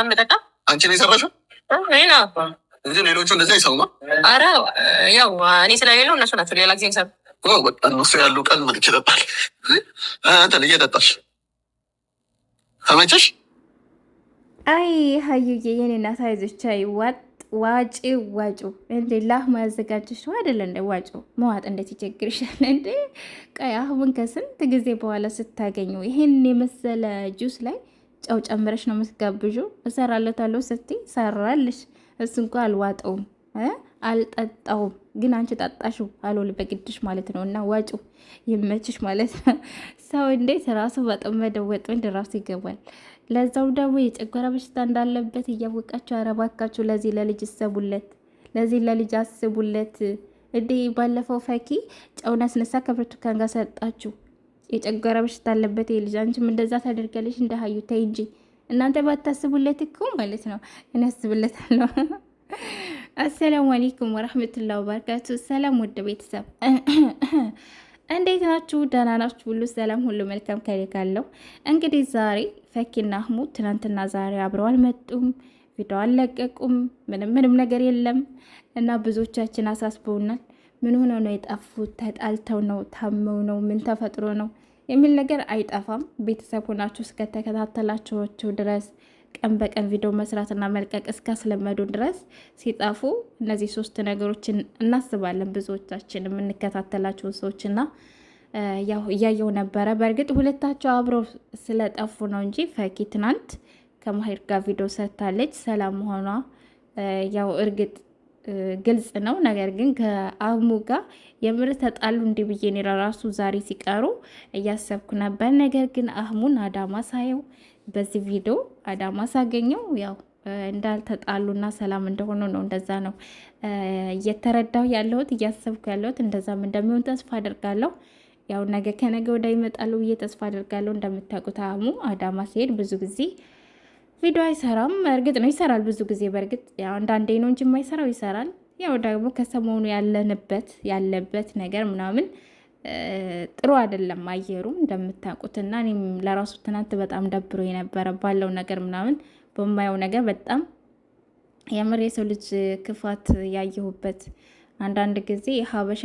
አንቺ ነው የሰራሽው እንጂ ሌሎቹ እንደዚህ አይሰሩም። አረ ያው እኔ ስለሌለው እነሱ ናቸው ሌላ ጊዜ ሰሩ። እነሱ ያሉ ቀን ምን ይችላል? አንተን እየጠጣሽ ተመቸሽ? አይ ሀዩዬ የኔ እናት አይዞሽ። ቻይ ዋጥ ዋጪ ዋጩ እንዴ ላህ ማዘጋጀሽ አይደለ? እንደ ዋጩ መዋጥ እንዴት ይቸግርሻል እንዴ? ቀይ አሁን ከስንት ጊዜ በኋላ ስታገኙ ይሄን የመሰለ ጁስ ላይ ጨው ጨምረሽ ነው የምትጋብዡ። እሰራለታለሁ ስትይ ሰራልሽ። እሱ እንኳ አልዋጠውም አልጠጣውም፣ ግን አንቺ ጠጣሽው አልወል በግድሽ ማለት ነው። እና ዋጩ ይመችሽ ማለት ነው። ሰው እንዴት ራሱ በጠመደው ወጥመድ ራሱ ይገባል። ለዛው ደግሞ የጨጓራ በሽታ እንዳለበት እያወቃችሁ አረባካችሁ ለዚህ ለልጅ እሰቡለት፣ ለዚህ ለልጅ አስቡለት። እንዲህ ባለፈው ፈኪ ጨውን አስነሳ ከብርቱካን ጋር ሰጣችሁ የጨጓራ በሽታ አለበት ልጅ አንቺም እንደዛ ታደርጋለች እንደ ሀዩ ተይ እንጂ እናንተ ባታስቡለት እኮ ማለት ነው። እኔ አስብለታለሁ። አሰላሙ አሌይኩም ወረህመቱላሂ ወበረካቱ። ሰላም ወደ ቤተሰብ እንዴት ናችሁ? ደህና ናችሁ? ሁሉ ሰላም፣ ሁሉ መልካም ከሌካለሁ። እንግዲህ ዛሬ ፈኪና አህሙ ትናንትና ዛሬ አብረው አልመጡም፣ ቪዲዮ አልለቀቁም፣ ምንም ምንም ነገር የለም እና ብዙዎቻችን አሳስበውናል። ምን ሆነው ነው የጠፉት? ተጣልተው ነው? ታመው ነው? ምን ተፈጥሮ ነው የሚል ነገር አይጠፋም። ቤተሰብ ሆናችሁ እስከተከታተላችኋቸው ድረስ ቀን በቀን ቪዲዮ መስራትና መልቀቅ እስካስለመዱን ድረስ ሲጠፉ እነዚህ ሶስት ነገሮችን እናስባለን። ብዙዎቻችን የምንከታተላቸው ሰዎችና እያየው ነበረ። በእርግጥ ሁለታቸው አብረው ስለጠፉ ነው እንጂ ፈኪ ትናንት ከማሄድ ጋር ቪዲዮ ሰርታለች። ሰላም ሆኗ ያው እርግጥ ግልጽ ነው። ነገር ግን ከአህሙ ጋር የምር ተጣሉ እንዲ ብዬ እኔ ራሱ ዛሬ ሲቀሩ እያሰብኩ ነበር። ነገር ግን አህሙን አዳማ ሳየው በዚህ ቪዲዮ አዳማ ሳገኘው ያው እንዳልተጣሉና ሰላም እንደሆኑ ነው። እንደዛ ነው እየተረዳሁ ያለሁት እያሰብኩ ያለሁት እንደዛም እንደሚሆን ተስፋ አደርጋለሁ። ያው ነገ ከነገ ወዲያ ይመጣሉ ብዬ ተስፋ አደርጋለሁ። እንደምታውቁት አህሙ አዳማ ሲሄድ ብዙ ጊዜ ቪዲዮ አይሰራም። እርግጥ ነው ይሰራል፣ ብዙ ጊዜ በእርግጥ አንዳንዴ ነው እንጂ የማይሰራው ይሰራል። ያው ደግሞ ከሰሞኑ ያለንበት ያለበት ነገር ምናምን ጥሩ አይደለም አየሩ እንደምታውቁት እና እኔም ለራሱ ትናንት በጣም ደብሮ የነበረ ባለው ነገር ምናምን በማየው ነገር በጣም የምር የሰው ልጅ ክፋት ያየሁበት አንዳንድ ጊዜ ሀበሻ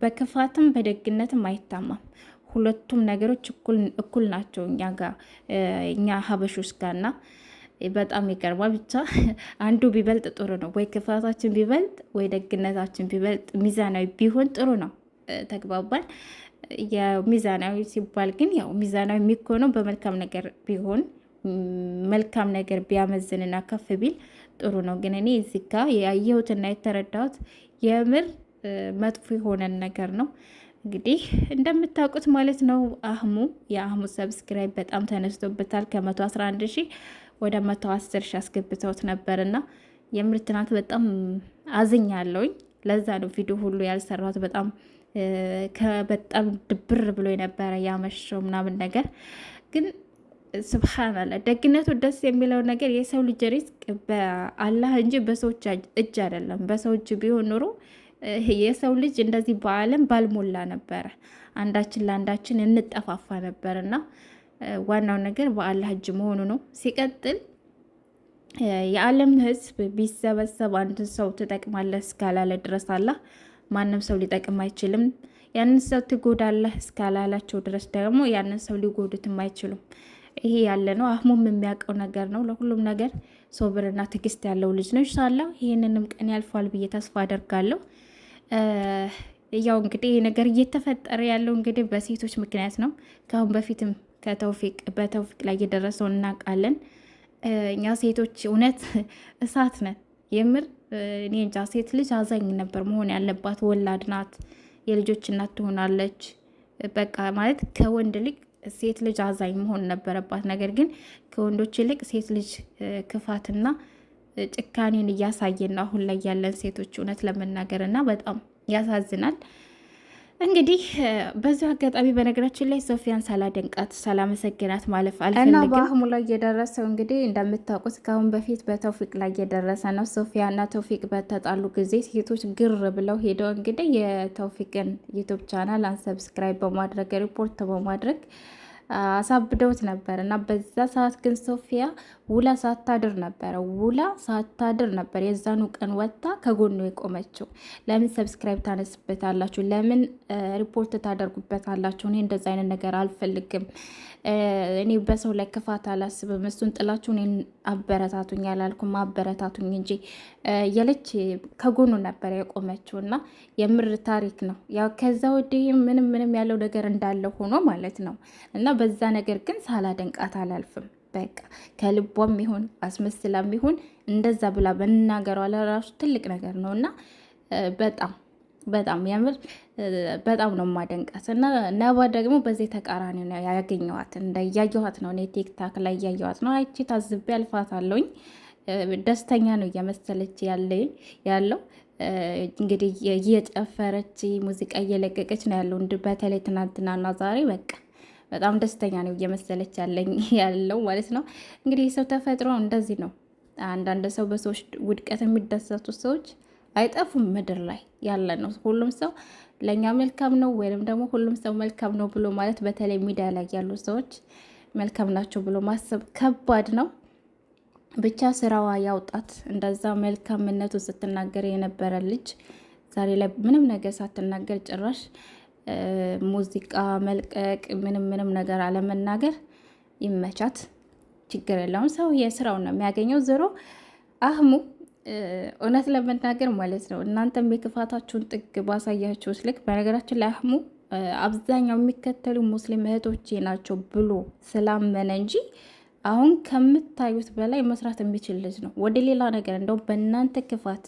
በክፋትም በደግነትም አይታማም። ሁለቱም ነገሮች እኩል ናቸው እኛ ጋር እኛ ሀበሾች ጋርና በጣም ይገርማ። ብቻ አንዱ ቢበልጥ ጥሩ ነው። ወይ ክፋታችን ቢበልጥ፣ ወይ ደግነታችን ቢበልጥ፣ ሚዛናዊ ቢሆን ጥሩ ነው። ተግባባል። የሚዛናዊ ሲባል ግን ያው ሚዛናዊ የሚኮነው በመልካም ነገር ቢሆን መልካም ነገር ቢያመዝንና ከፍ ቢል ጥሩ ነው። ግን እኔ እዚህ ጋር ያየሁትና የተረዳሁት የምር መጥፎ የሆነን ነገር ነው። እንግዲህ እንደምታውቁት ማለት ነው አህሙ የአህሙ ሰብስክራይብ በጣም ተነስቶበታል። ከ111 ሺህ ወደ 110 ሺህ አስገብተውት ነበር እና የምር ትናንት በጣም አዝኛለሁኝ። ለዛ ነው ቪዲዮ ሁሉ ያልሰራሁት። በጣም በጣም ድብር ብሎ የነበረ ያመሸው ምናምን ነገር ግን ስብሓንላ ደግነቱ ደስ የሚለው ነገር የሰው ልጅ ሪዝቅ በአላህ እንጂ በሰዎች እጅ አይደለም። በሰው እጅ ቢሆን ኑሮ የሰው ልጅ እንደዚህ በዓለም ባልሞላ ነበረ። አንዳችን ለአንዳችን እንጠፋፋ ነበር እና ዋናው ነገር በአላህ እጅ መሆኑ ነው። ሲቀጥል የዓለም ሕዝብ ቢሰበሰብ አንድን ሰው ትጠቅማለህ እስካላለ ድረስ አላህ ማንም ሰው ሊጠቅም አይችልም። ያንን ሰው ትጎዳለህ እስካላላቸው ድረስ ደግሞ ያንን ሰው ሊጎዱትም አይችሉም። ይሄ ያለ ነው። አህሙም የሚያውቀው ነገር ነው። ለሁሉም ነገር ሶብርና ትግስት ያለው ልጅ ነው። ኢንሻላህ ይህንንም ቀን ያልፏል ብዬ ተስፋ አደርጋለሁ። ያው እንግዲህ ነገር እየተፈጠረ ያለው እንግዲህ በሴቶች ምክንያት ነው። ከአሁን በፊትም ከተውፊቅ በተውፊቅ ላይ እየደረሰው እናውቃለን። እኛ ሴቶች እውነት እሳት ነን። የምር እኔ እንጃ። ሴት ልጅ አዛኝ ነበር መሆን ያለባት። ወላድ ናት፣ የልጆች እናት ትሆናለች። በቃ ማለት ከወንድ ይልቅ ሴት ልጅ አዛኝ መሆን ነበረባት። ነገር ግን ከወንዶች ይልቅ ሴት ልጅ ክፋትና ጭካኔን እያሳየን አሁን ላይ ያለን ሴቶች እውነት ለመናገር እና በጣም ያሳዝናል። እንግዲህ በዚሁ አጋጣሚ በነገራችን ላይ ሶፊያን ሳላደንቃት ሳላመሰግናት ማለፍ አልፈልግም እና በአህሙ ላይ የደረሰው እንግዲህ እንደምታውቁት ከአሁን በፊት በተውፊቅ ላይ የደረሰ ነው። ሶፊያ እና ተውፊቅ በተጣሉ ጊዜ ሴቶች ግር ብለው ሄደው እንግዲህ የተውፊቅን ዩቱብ ቻናል አንሰብስክራይብ በማድረግ ሪፖርት በማድረግ አሳብደውት ነበር እና በዛ ሰዓት ግን ሶፊያ ውላ ሳታድር ነበረ ውላ ሳታድር ነበር የዛኑ ቀን ወጥታ ከጎኑ የቆመችው። ለምን ሰብስክራይብ ታነስበታላችሁ? ለምን ሪፖርት ታደርጉበታላችሁ? እኔ እንደዚ አይነት ነገር አልፈልግም። እኔ በሰው ላይ ክፋት አላስብም። እሱን ጥላችሁ እኔን አበረታቱኝ አላልኩም፣ አበረታቱኝ እንጂ የለች ከጎኑ ነበር የቆመችው እና የምር ታሪክ ነው። ያው ከዛ ወዲህ ምንም ምንም ያለው ነገር እንዳለ ሆኖ ማለት ነው እና ነው በዛ ነገር ግን ሳላደንቃት አላልፍም። በቃ ከልቧም ይሁን አስመስላም ይሁን እንደዛ ብላ መናገሯ ለራሱ ትልቅ ነገር ነው እና በጣም በጣም የምር በጣም ነው የማደንቃት እና ነባ ደግሞ በዚህ ተቃራኒ ነው ያገኘዋት። እንደ እያየኋት ነው እኔ ቲክታክ ላይ እያየኋት ነው አይቺ ታዝቤ አለውኝ ደስተኛ ነው እየመሰለች ያለው እንግዲህ እየጨፈረች ሙዚቃ እየለቀቀች ነው ያለው። በተለይ ትናንትናና ዛሬ በቃ በጣም ደስተኛ ነው እየመሰለች ያለኝ ያለው ማለት ነው። እንግዲህ ሰው ተፈጥሮ እንደዚህ ነው። አንዳንድ ሰው በሰዎች ውድቀት የሚደሰቱ ሰዎች አይጠፉም። ምድር ላይ ያለ ነው። ሁሉም ሰው ለእኛ መልካም ነው ወይም ደግሞ ሁሉም ሰው መልካም ነው ብሎ ማለት በተለይ ሚዲያ ላይ ያሉ ሰዎች መልካም ናቸው ብሎ ማሰብ ከባድ ነው። ብቻ ስራዋ ያውጣት። እንደዛ መልካምነቱ ስትናገር የነበረ ልጅ ዛሬ ላይ ምንም ነገር ሳትናገር ጭራሽ ሙዚቃ መልቀቅ ምንም ምንም ነገር አለመናገር ይመቻት፣ ችግር የለውም። ሰው የስራውን ነው የሚያገኘው። ዞሮ አህሙ እውነት ለመናገር ማለት ነው እናንተም የክፋታችሁን ጥግ ባሳያችሁት ልክ። በነገራችን ላይ አህሙ አብዛኛው የሚከተሉ ሙስሊም እህቶቼ ናቸው ብሎ ስላመነ እንጂ አሁን ከምታዩት በላይ መስራት የሚችል ልጅ ነው። ወደ ሌላ ነገር እንደው በእናንተ ክፋት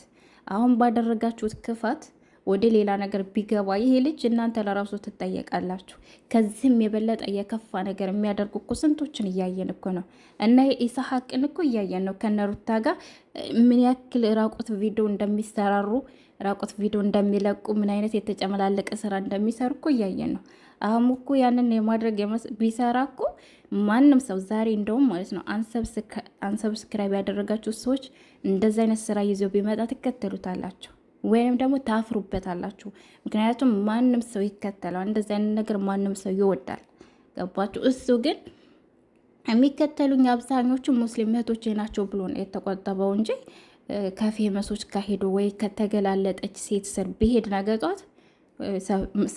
አሁን ባደረጋችሁት ክፋት ወደ ሌላ ነገር ቢገባ ይሄ ልጅ እናንተ ለራሱ ትጠየቃላችሁ። ከዚህም የበለጠ የከፋ ነገር የሚያደርጉ እኮ ስንቶችን እያየን እኮ ነው። እና ኢሳሀቅን እኮ እያየን ነው ከነሩታ ጋር ምን ያክል ራቁት ቪዲዮ እንደሚሰራሩ ራቁት ቪዲዮ እንደሚለቁ ምን አይነት የተጨመላለቀ ስራ እንደሚሰሩ እኮ እያየን ነው። አሁን እኮ ያንን የማድረግ ቢሰራ እኮ ማንም ሰው ዛሬ እንደውም ማለት ነው አንሰብስክራይብ ያደረጋችሁ ሰዎች እንደዚ አይነት ስራ ይዘው ቢመጣ ትከተሉታላቸው። ወይም ደግሞ ታፍሩበታላችሁ። ምክንያቱም ማንም ሰው ይከተለዋል። እንደዚህ አይነት ነገር ማንም ሰው ይወዳል። ገባችሁ? እሱ ግን የሚከተሉኝ አብዛኞቹ ሙስሊም እህቶቼ ናቸው ብሎ ነው የተቆጠበው እንጂ ከፌመሶች ካሄዱ ወይ ከተገላለጠች ሴት ስር ብሄድ ነገ ጧት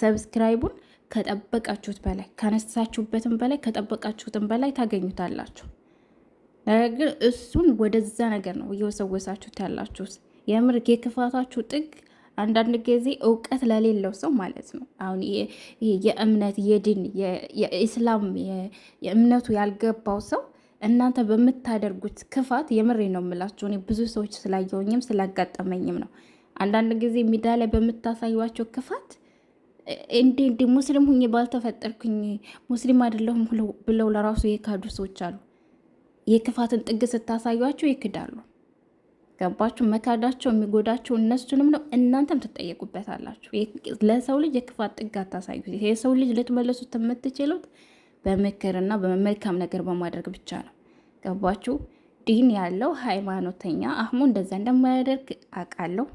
ሰብስክራይቡን ከጠበቃችሁት በላይ ከነሳችሁበትም በላይ ከጠበቃችሁትም በላይ ታገኙታላችሁ። ነገር ግን እሱን ወደዛ ነገር ነው እየወሰወሳችሁት ያላችሁት። የምር የክፋታችሁ ጥግ አንዳንድ ጊዜ እውቀት ለሌለው ሰው ማለት ነው። አሁን የእምነት የድን የኢስላም የእምነቱ ያልገባው ሰው እናንተ በምታደርጉት ክፋት የምሬ ነው የምላችሁ። እኔ ብዙ ሰዎች ስላየውኝም ስላጋጠመኝም ነው። አንዳንድ ጊዜ ሜዳ ላይ በምታሳዩቸው ክፋት እንዴ እንዲ ሙስሊም ሁኜ ባልተፈጠርኩኝ ሙስሊም አይደለሁም ብለው ለራሱ የካዱ ሰዎች አሉ። የክፋትን ጥግ ስታሳዩቸው ይክዳሉ። ገባችሁ? መካዳቸው የሚጎዳቸው እነሱንም ነው፣ እናንተም ትጠየቁበታላችሁ። ለሰው ልጅ የክፋት ጥግ አታሳዩት። የሰው ልጅ ልትመለሱት የምትችሉት በምክርና በመልካም ነገር በማድረግ ብቻ ነው። ገባችሁ? ዲን ያለው ሃይማኖተኛ አህሙ እንደዛ እንደማያደርግ አውቃለሁ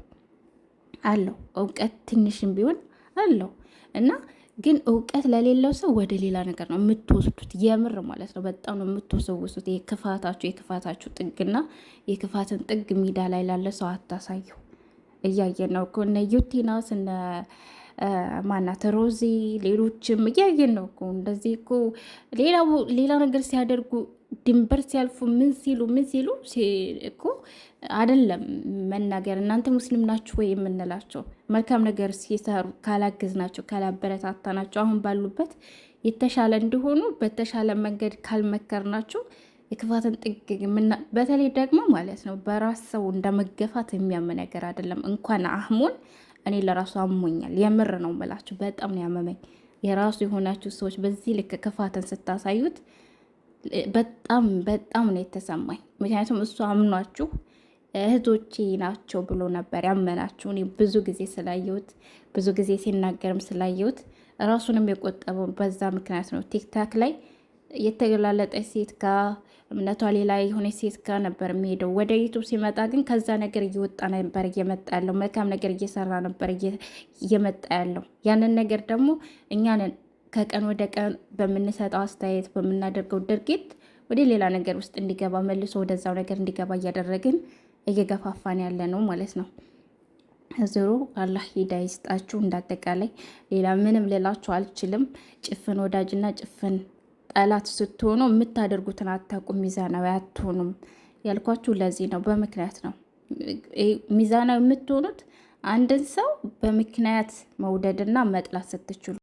አለው። እውቀት ትንሽም ቢሆን አለው እና ግን እውቀት ለሌለው ሰው ወደ ሌላ ነገር ነው የምትወስዱት። የምር ማለት ነው በጣም ነው የምትወሰውሱት። የክፋታችሁ የክፋታችሁ ጥግና የክፋትን ጥግ ሜዳ ላይ ላለ ሰው አታሳዩ። እያየን ነው እኮ እነ ዩቲናስ እነ ማናት ሮዚ፣ ሌሎችም እያየን ነው እኮ እንደዚህ እኮ ሌላ ነገር ሲያደርጉ ድንበር ሲያልፉ ምን ሲሉ ምን ሲሉ እኮ አይደለም መናገር። እናንተ ሙስሊም ናችሁ ወይ የምንላቸው መልካም ነገር ሲሰሩ ናቸው ካላበረታታ ናቸው አሁን ባሉበት የተሻለ እንዲሆኑ በተሻለ መንገድ ናቸው የክፋትን ጥግ በተለይ ደግሞ ማለት ነው በራስ ሰው እንደመገፋት የሚያም ነገር አይደለም። እንኳን አህሞን እኔ ለራሱ አሞኛል። የምር ነው የምላችሁ፣ በጣም ነው ያመመኝ። የራሱ የሆናችሁ ሰዎች በዚህ ልክ ክፋትን ስታሳዩት በጣም በጣም ነው የተሰማኝ። ምክንያቱም እሱ አምኗችሁ እህቶቼ ናቸው ብሎ ነበር ያመናችሁ። እኔ ብዙ ጊዜ ስላየሁት ብዙ ጊዜ ሲናገርም ስላየሁት ራሱንም የቆጠበው በዛ ምክንያት ነው። ቲክታክ ላይ የተገላለጠች ሴት ጋር እምነቷ ሌላ የሆነች ሴት ጋር ነበር የሚሄደው። ወደ ዩቱብ ሲመጣ ግን ከዛ ነገር እየወጣ ነበር እየመጣ ያለው መልካም ነገር እየሰራ ነበር እየመጣ ያለው ያንን ነገር ደግሞ እኛንን ከቀን ወደ ቀን በምንሰጠው አስተያየት በምናደርገው ድርጊት ወደ ሌላ ነገር ውስጥ እንዲገባ መልሶ ወደዛው ነገር እንዲገባ እያደረግን እየገፋፋን ያለ ነው ማለት ነው። ዞሮ አላህ ሂዳ ይስጣችሁ። እንዳጠቃላይ ሌላ ምንም ልላችሁ አልችልም። ጭፍን ወዳጅና ጭፍን ጠላት ስትሆኑ የምታደርጉትን አታውቁም። ሚዛናዊ አትሆኑም ያልኳችሁ ለዚህ ነው፣ በምክንያት ነው። ሚዛናዊ የምትሆኑት አንድን ሰው በምክንያት መውደድና መጥላት ስትችሉ